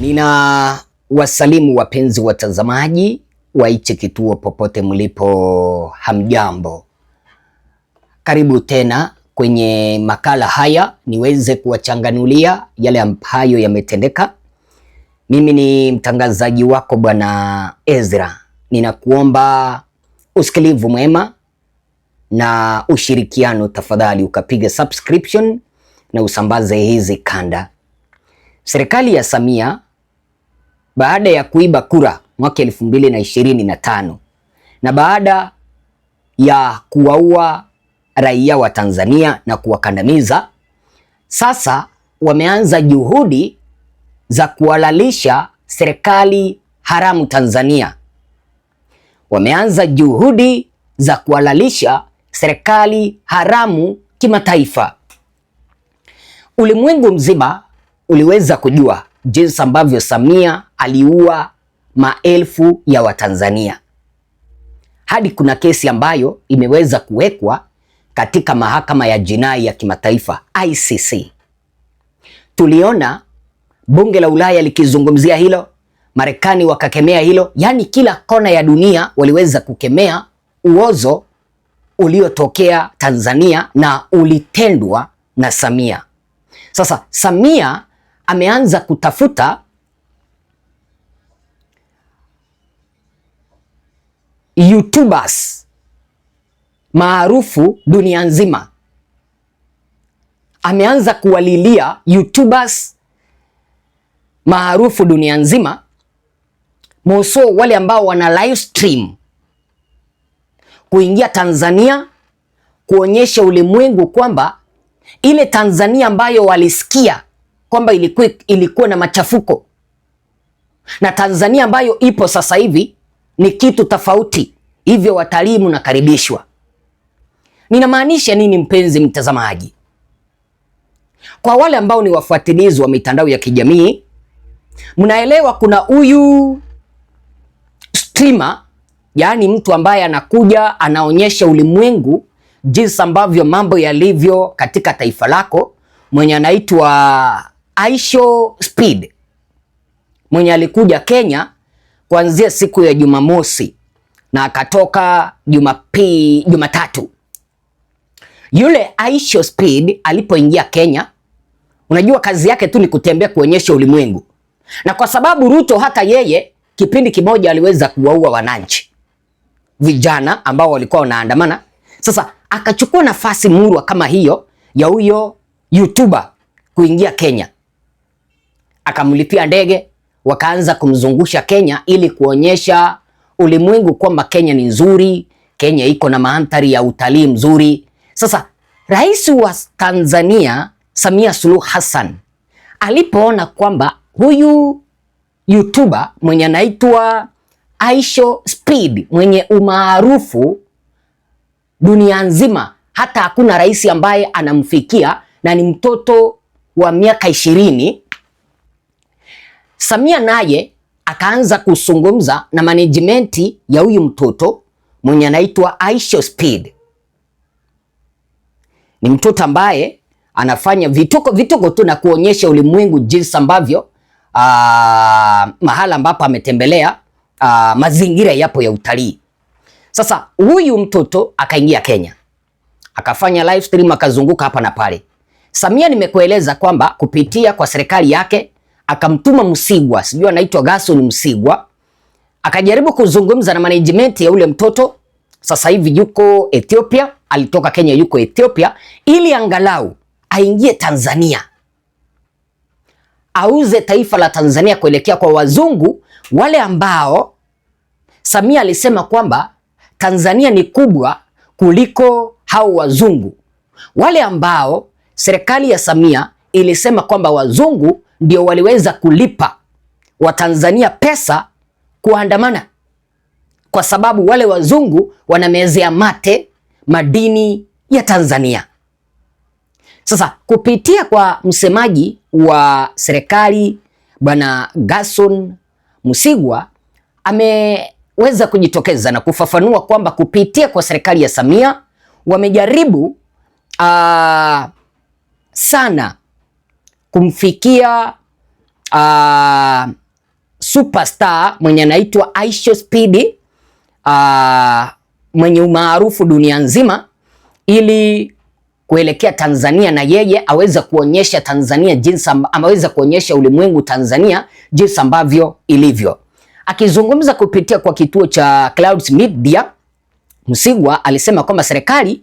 Nina wasalimu wapenzi watazamaji wa hichi kituo popote mlipo, hamjambo. Karibu tena kwenye makala haya niweze kuwachanganulia yale ambayo yametendeka. Mimi ni mtangazaji wako Bwana Ezra, ninakuomba usikilivu mwema na ushirikiano tafadhali, ukapiga subscription na usambaze hizi kanda. Serikali ya Samia baada ya kuiba kura mwaka elfu mbili na ishirini na tano na baada ya kuwaua raia wa Tanzania na kuwakandamiza, sasa wameanza juhudi za kuhalalisha serikali haramu Tanzania. Wameanza juhudi za kuhalalisha serikali haramu kimataifa. Ulimwengu mzima uliweza kujua jinsi ambavyo Samia aliua maelfu ya Watanzania. Hadi kuna kesi ambayo imeweza kuwekwa katika mahakama ya jinai ya kimataifa ICC. Tuliona bunge la Ulaya likizungumzia hilo, Marekani wakakemea hilo, yaani kila kona ya dunia waliweza kukemea uozo uliotokea Tanzania na ulitendwa na Samia. Sasa Samia ameanza kutafuta YouTubers maarufu dunia nzima. Ameanza kuwalilia YouTubers maarufu dunia nzima, moso wale ambao wana live stream kuingia Tanzania kuonyesha ulimwengu kwamba ile Tanzania ambayo walisikia kwamba ilikuwa, ilikuwa na machafuko na Tanzania ambayo ipo sasa hivi ni kitu tofauti, hivyo watalii mnakaribishwa. Ninamaanisha nini mpenzi mtazamaji? Kwa wale ambao ni wafuatilizi wa mitandao ya kijamii mnaelewa, kuna huyu streamer, yaani mtu ambaye anakuja anaonyesha ulimwengu jinsi ambavyo mambo yalivyo katika taifa lako, mwenye anaitwa Aisho Speed mwenye alikuja Kenya kuanzia siku ya Jumamosi na akatoka Jumapili, Jumatatu. Yule Aisho Speed alipoingia Kenya, unajua kazi yake tu ni kutembea kuonyesha ulimwengu, na kwa sababu Ruto hata yeye kipindi kimoja aliweza kuwaua wananchi vijana ambao walikuwa wanaandamana. Sasa akachukua nafasi murwa kama hiyo ya huyo YouTuber kuingia Kenya akamlipia ndege, wakaanza kumzungusha Kenya ili kuonyesha ulimwengu kwamba Kenya ni nzuri, Kenya iko na mandhari ya utalii mzuri. Sasa rais wa Tanzania Samia Suluhu Hassan alipoona kwamba huyu YouTuber mwenye anaitwa Aisho Speed mwenye umaarufu dunia nzima, hata hakuna rais ambaye anamfikia na ni mtoto wa miaka ishirini, Samia naye akaanza kuzungumza na management ya huyu mtoto mwenye anaitwa Aisha Speed. Ni mtoto ambaye anafanya vituko vituko tu na kuonyesha ulimwengu jinsi ambavyo ah, mahala ambapo ametembelea ah, mazingira yapo ya utalii. Sasa huyu mtoto akaingia Kenya akafanya live stream akazunguka hapa na pale. Samia nimekueleza kwamba kupitia kwa serikali yake akamtuma Msigwa, sijui anaitwa Gaston Msigwa, akajaribu kuzungumza na management ya ule mtoto. Sasa hivi yuko Ethiopia, alitoka Kenya, yuko Ethiopia, ili angalau aingie Tanzania, auze taifa la Tanzania kuelekea kwa wazungu wale ambao Samia alisema kwamba Tanzania ni kubwa kuliko hao wazungu wale ambao serikali ya Samia ilisema kwamba wazungu ndio waliweza kulipa Watanzania pesa kuandamana, kwa sababu wale wazungu wanamezea mate madini ya Tanzania. Sasa kupitia kwa msemaji wa serikali Bwana Gerson Msigwa ameweza kujitokeza na kufafanua kwamba kupitia kwa serikali ya Samia wamejaribu aa, sana kumfikia uh, superstar mwenye anaitwa Aisha Speed uh, mwenye umaarufu dunia nzima ili kuelekea Tanzania na yeye aweze kuonyesha Tanzania jinsi ameweza kuonyesha ulimwengu Tanzania jinsi ambavyo ilivyo. Akizungumza kupitia kwa kituo cha Clouds Media, Msigwa alisema kwamba serikali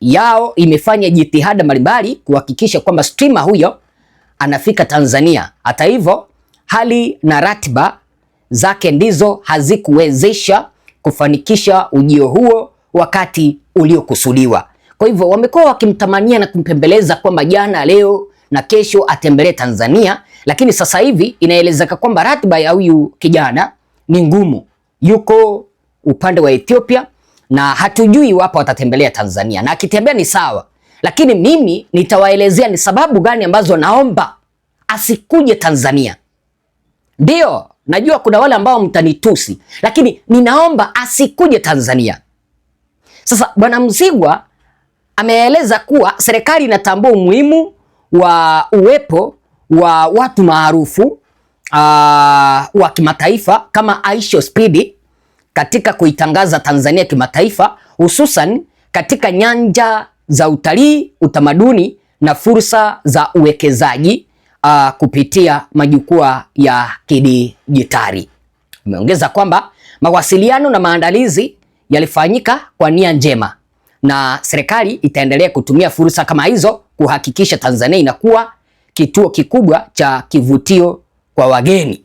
yao imefanya jitihada mbalimbali kuhakikisha kwamba streamer huyo anafika Tanzania. Hata hivyo, hali na ratiba zake ndizo hazikuwezesha kufanikisha ujio huo wakati uliokusudiwa. Kwa hivyo wamekuwa wakimtamania na kumpembeleza kwamba jana, leo na kesho atembelee Tanzania, lakini sasa hivi inaelezeka kwamba ratiba ya huyu kijana ni ngumu, yuko upande wa Ethiopia na hatujui iwapo atatembelea Tanzania, na akitembea ni sawa, lakini mimi nitawaelezea ni sababu gani ambazo naomba asikuje Tanzania. ndio najua kuna wale ambao mtanitusi, lakini ninaomba asikuje Tanzania. Sasa Bwana Mzigwa ameeleza kuwa serikali inatambua umuhimu wa uwepo wa watu maarufu ah, wa kimataifa kama Aisha Speed katika kuitangaza Tanzania kimataifa, hususan katika nyanja za utalii, utamaduni na fursa za uwekezaji uh, kupitia majukwaa ya kidijitali. Umeongeza kwamba mawasiliano na maandalizi yalifanyika kwa nia njema na serikali itaendelea kutumia fursa kama hizo kuhakikisha Tanzania inakuwa kituo kikubwa cha kivutio kwa wageni.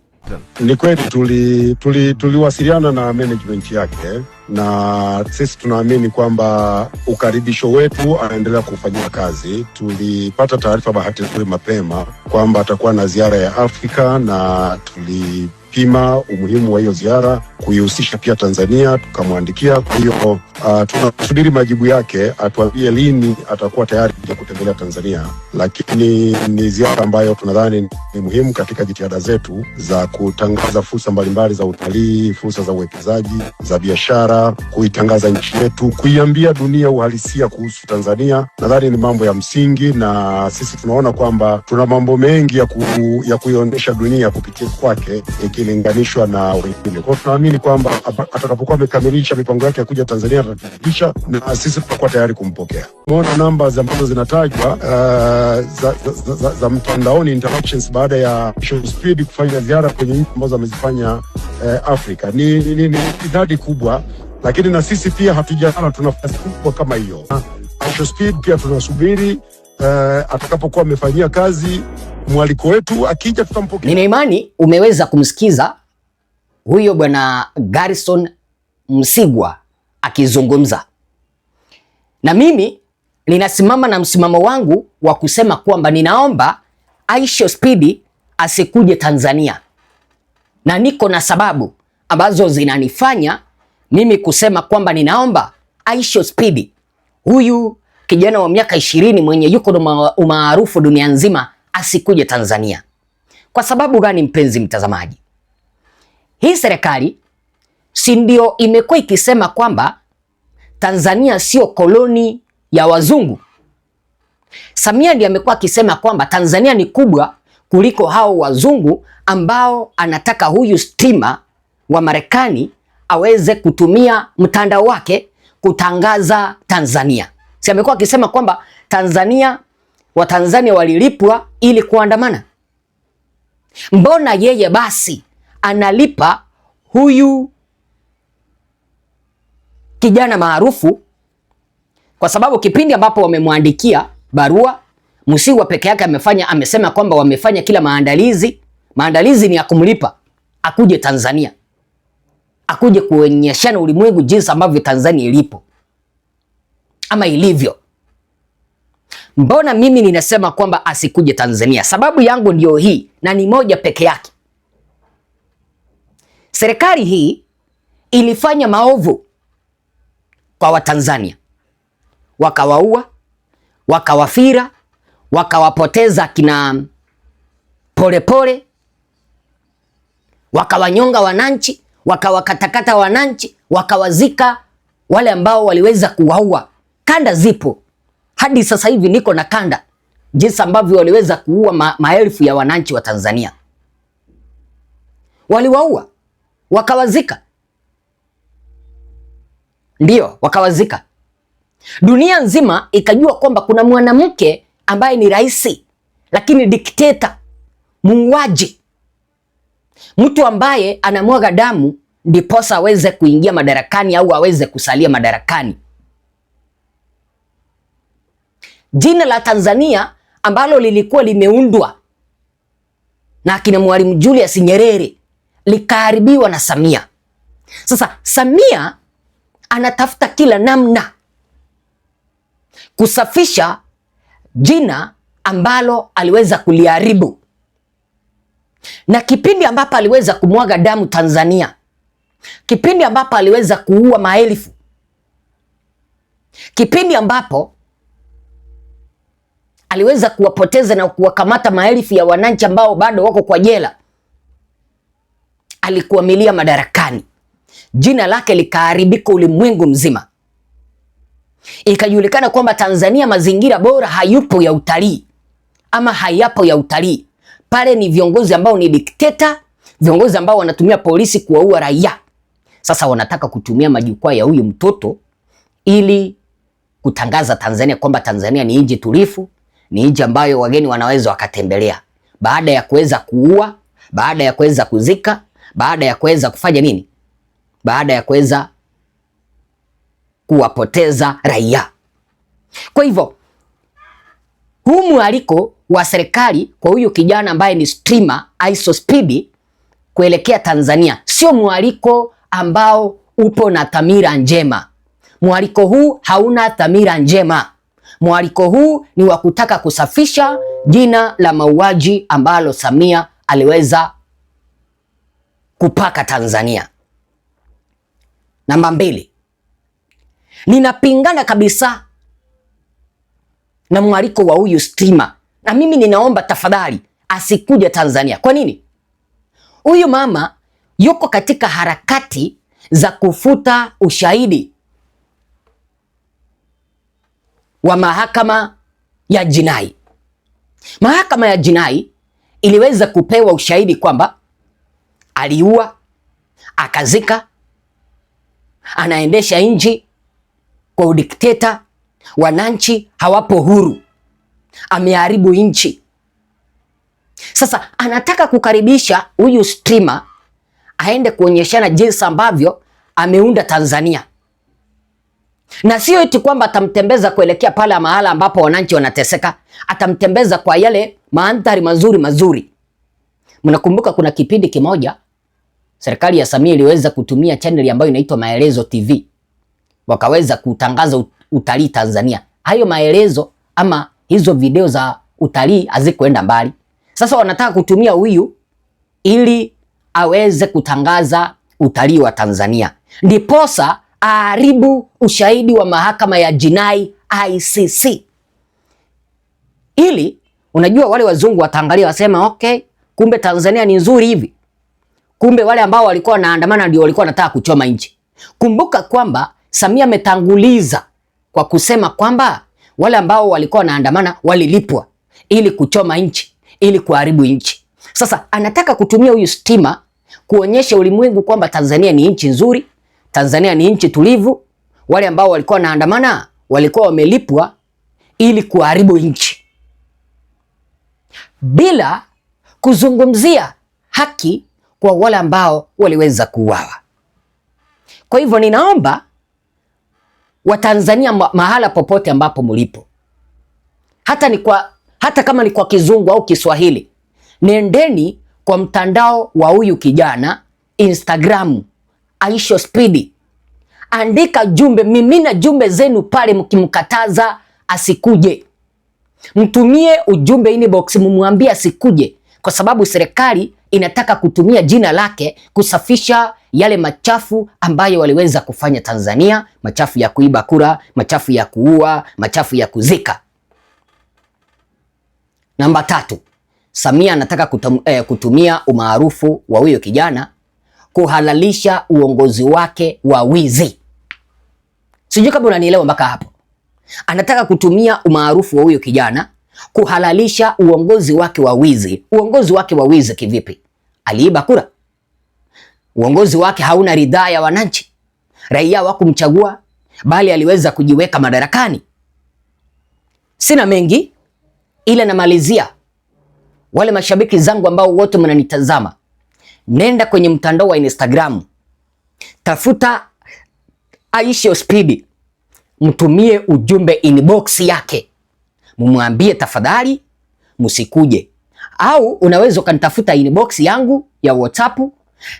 Ni kweli tuliwasiliana tuli, tuli na management yake na sisi tunaamini kwamba ukaribisho wetu anaendelea kufanyia kazi. Tulipata taarifa bahati nzuri mapema kwamba atakuwa na ziara ya Afrika na tuli pima umuhimu wa hiyo ziara, kuihusisha pia Tanzania, tukamwandikia. Kwa hiyo uh, ah, tunasubiri majibu yake, atuambie lini atakuwa tayari ya kutembelea Tanzania, lakini ni ziara ambayo tunadhani ni muhimu katika jitihada zetu za kutangaza fursa mbalimbali za utalii, fursa za uwekezaji, za biashara, kuitangaza nchi yetu, kuiambia dunia uhalisia kuhusu Tanzania. Nadhani ni mambo ya msingi, na sisi tunaona kwamba tuna mambo mengi ya, ku, ya kuionyesha dunia kupitia kwake ikilinganishwa na wengine. Kwao tunaamini kwamba atakapokuwa amekamilisha mipango yake ya kuja Tanzania atakamilisha, na sisi tutakuwa tayari kumpokea. Umeona namba ambazo zinatajwa uh, za, za, za, za, za mtandaoni interactions baada ya Show Speed kufanya ziara kwenye nchi ambazo amezifanya uh, Afrika ni, ni, ni, ni idadi kubwa, lakini na sisi pia hatujaona tuna nafasi kubwa kama hiyo. Show Speed pia tunasubiri uh, atakapokuwa amefanyia kazi mwaliko wetu, akija tutampokea. Nina imani umeweza kumsikiza huyo bwana Garrison Msigwa akizungumza, na mimi ninasimama na msimamo wangu wa kusema kwamba ninaomba Aisha Speedy asikuje Tanzania, na niko na sababu ambazo zinanifanya mimi kusema kwamba ninaomba Aisha Speedy huyu kijana wa miaka ishirini mwenye yuko na umaarufu dunia nzima asikuje Tanzania. Kwa sababu gani, mpenzi mtazamaji? Hii serikali si ndio imekuwa ikisema kwamba Tanzania sio koloni ya wazungu. Samia ndiye amekuwa akisema kwamba Tanzania ni kubwa kuliko hao wazungu ambao anataka huyu stima wa Marekani aweze kutumia mtandao wake kutangaza Tanzania. Si amekuwa akisema kwamba Tanzania Watanzania walilipwa ili kuandamana. Mbona yeye basi analipa huyu kijana maarufu? Kwa sababu kipindi ambapo wamemwandikia barua Musiwa peke yake amefanya amesema kwamba wamefanya kila maandalizi, maandalizi ni ya kumlipa akuje Tanzania, akuje kuonyeshana ulimwengu jinsi ambavyo Tanzania ilipo ama ilivyo. Mbona mimi ninasema kwamba asikuje Tanzania? Sababu yangu ndiyo hii na ni moja peke yake. Serikali hii ilifanya maovu kwa Watanzania, wakawaua, wakawafira, wakawapoteza kina Polepole, wakawanyonga wananchi, wakawakatakata wananchi, wakawazika wale ambao waliweza kuwaua Kanda zipo hadi sasa hivi, niko na kanda jinsi ambavyo waliweza kuua ma maelfu ya wananchi wa Tanzania, waliwaua wakawazika, ndio wakawazika. Dunia nzima ikajua kwamba kuna mwanamke ambaye ni rais lakini dikteta, muuaji, mtu ambaye anamwaga damu ndiposa aweze kuingia madarakani au aweze kusalia madarakani jina la Tanzania ambalo lilikuwa limeundwa na akina Mwalimu Julius Nyerere likaharibiwa na Samia. Sasa Samia anatafuta kila namna kusafisha jina ambalo aliweza kuliharibu, na kipindi ambapo aliweza kumwaga damu Tanzania, kipindi ambapo aliweza kuua maelfu, kipindi ambapo aliweza kuwapoteza na kuwakamata maelfu ya wananchi ambao bado wako kwa jela. Alikuamilia madarakani, jina lake likaharibika ulimwengu mzima, ikajulikana kwamba Tanzania mazingira bora hayupo ya utalii ama hayapo ya utalii. Pale ni viongozi ambao ni dikteta, viongozi ambao wanatumia polisi kuwaua raia. Sasa wanataka kutumia majukwaa ya huyu mtoto ili kutangaza Tanzania kwamba Tanzania ni nchi tulifu ni nchi ambayo wageni wanaweza wakatembelea baada ya kuweza kuua, baada ya kuweza kuzika, baada ya kuweza kufanya nini, baada ya kuweza kuwapoteza raia. Kwa hivyo huu mwaliko wa serikali kwa huyu kijana ambaye ni streamer Speed kuelekea Tanzania sio mwaliko ambao upo na dhamira njema. Mwaliko huu hauna dhamira njema. Mwaliko huu ni wa kutaka kusafisha jina la mauaji ambalo Samia aliweza kupaka Tanzania. Namba mbili, ninapingana kabisa na mwaliko wa huyu stima na mimi ninaomba tafadhali asikuja Tanzania. Kwa nini? Huyu mama yuko katika harakati za kufuta ushahidi wa mahakama ya jinai. Mahakama ya jinai iliweza kupewa ushahidi kwamba aliua, akazika, anaendesha nchi kwa udikteta, wananchi hawapo huru, ameharibu nchi. Sasa anataka kukaribisha huyu streamer aende kuonyeshana jinsi ambavyo ameunda Tanzania na sio eti kwamba atamtembeza kuelekea pale mahala ambapo wananchi wanateseka, atamtembeza kwa yale mandhari mazuri mazuri. Mnakumbuka kuna kipindi kimoja serikali ya Samia iliweza kutumia channel ambayo inaitwa Maelezo TV, wakaweza kutangaza utalii Tanzania. Hayo maelezo ama hizo video za utalii hazikuenda mbali. Sasa wanataka kutumia huyu ili aweze kutangaza utalii wa Tanzania ndiposa aharibu ushahidi wa mahakama ya jinai ICC. Ili unajua wale wazungu wataangalia wasema, okay, kumbe Tanzania ni nzuri hivi, kumbe wale ambao walikuwa wanaandamana ndio walikuwa wanataka kuchoma nchi. Kumbuka kwamba Samia ametanguliza kwa kusema kwamba wale ambao walikuwa wanaandamana walilipwa ili kuchoma nchi, ili kuharibu nchi. Sasa anataka kutumia huyu stima kuonyesha ulimwengu kwamba Tanzania ni nchi nzuri Tanzania ni nchi tulivu. Wale ambao walikuwa wanaandamana walikuwa wamelipwa ili kuharibu nchi, bila kuzungumzia haki kwa wale ambao waliweza kuuawa. Kwa hivyo ninaomba Watanzania mahala popote ambapo mlipo, hata ni kwa hata kama ni kwa Kizungu au Kiswahili, nendeni kwa mtandao wa huyu kijana Instagram. Aisho Spidi, andika jumbe, mimina jumbe zenu pale, mkimkataza asikuje, mtumie ujumbe inbox, mumwambie asikuje, kwa sababu serikali inataka kutumia jina lake kusafisha yale machafu ambayo waliweza kufanya Tanzania, machafu ya kuiba kura, machafu ya kuua, machafu ya kuzika. Namba tatu, Samia anataka kutum, eh, kutumia umaarufu wa huyo kijana kuhalalisha uongozi wake wa wizi. Sijui kama unanielewa mpaka hapo. Anataka kutumia umaarufu wa huyo kijana kuhalalisha uongozi wake wa wizi. Uongozi wake wa wizi kivipi? Aliiba kura. Uongozi wake hauna ridhaa ya wananchi, raia wakumchagua, bali aliweza kujiweka madarakani. Sina mengi, ila namalizia wale mashabiki zangu ambao wote mnanitazama, nenda kwenye mtandao wa Instagram, tafuta Aisha Speed, mtumie ujumbe inbox yake, mumwambie tafadhali msikuje au unaweza ukanitafuta inbox yangu ya WhatsApp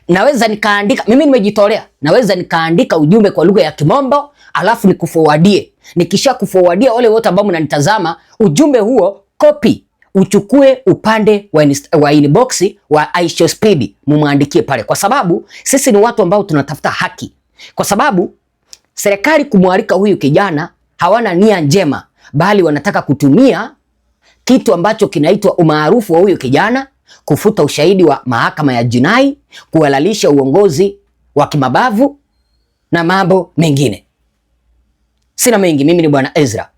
naweza nikaandika mimi nimejitolea, naweza nikaandika ujumbe kwa lugha ya Kimombo alafu nikufowadie. Nikisha kufowadia wale wote ambao mnanitazama, ujumbe huo copy uchukue upande wa, inist, wa inbox wa Aisha Speed mumwandikie pale, kwa sababu sisi ni watu ambao tunatafuta haki, kwa sababu serikali kumwalika huyu kijana hawana nia njema, bali wanataka kutumia kitu ambacho kinaitwa umaarufu wa huyu kijana kufuta ushahidi wa mahakama ya jinai, kuhalalisha uongozi wa kimabavu na mambo mengine. Sina mengi, mimi ni Bwana Ezra.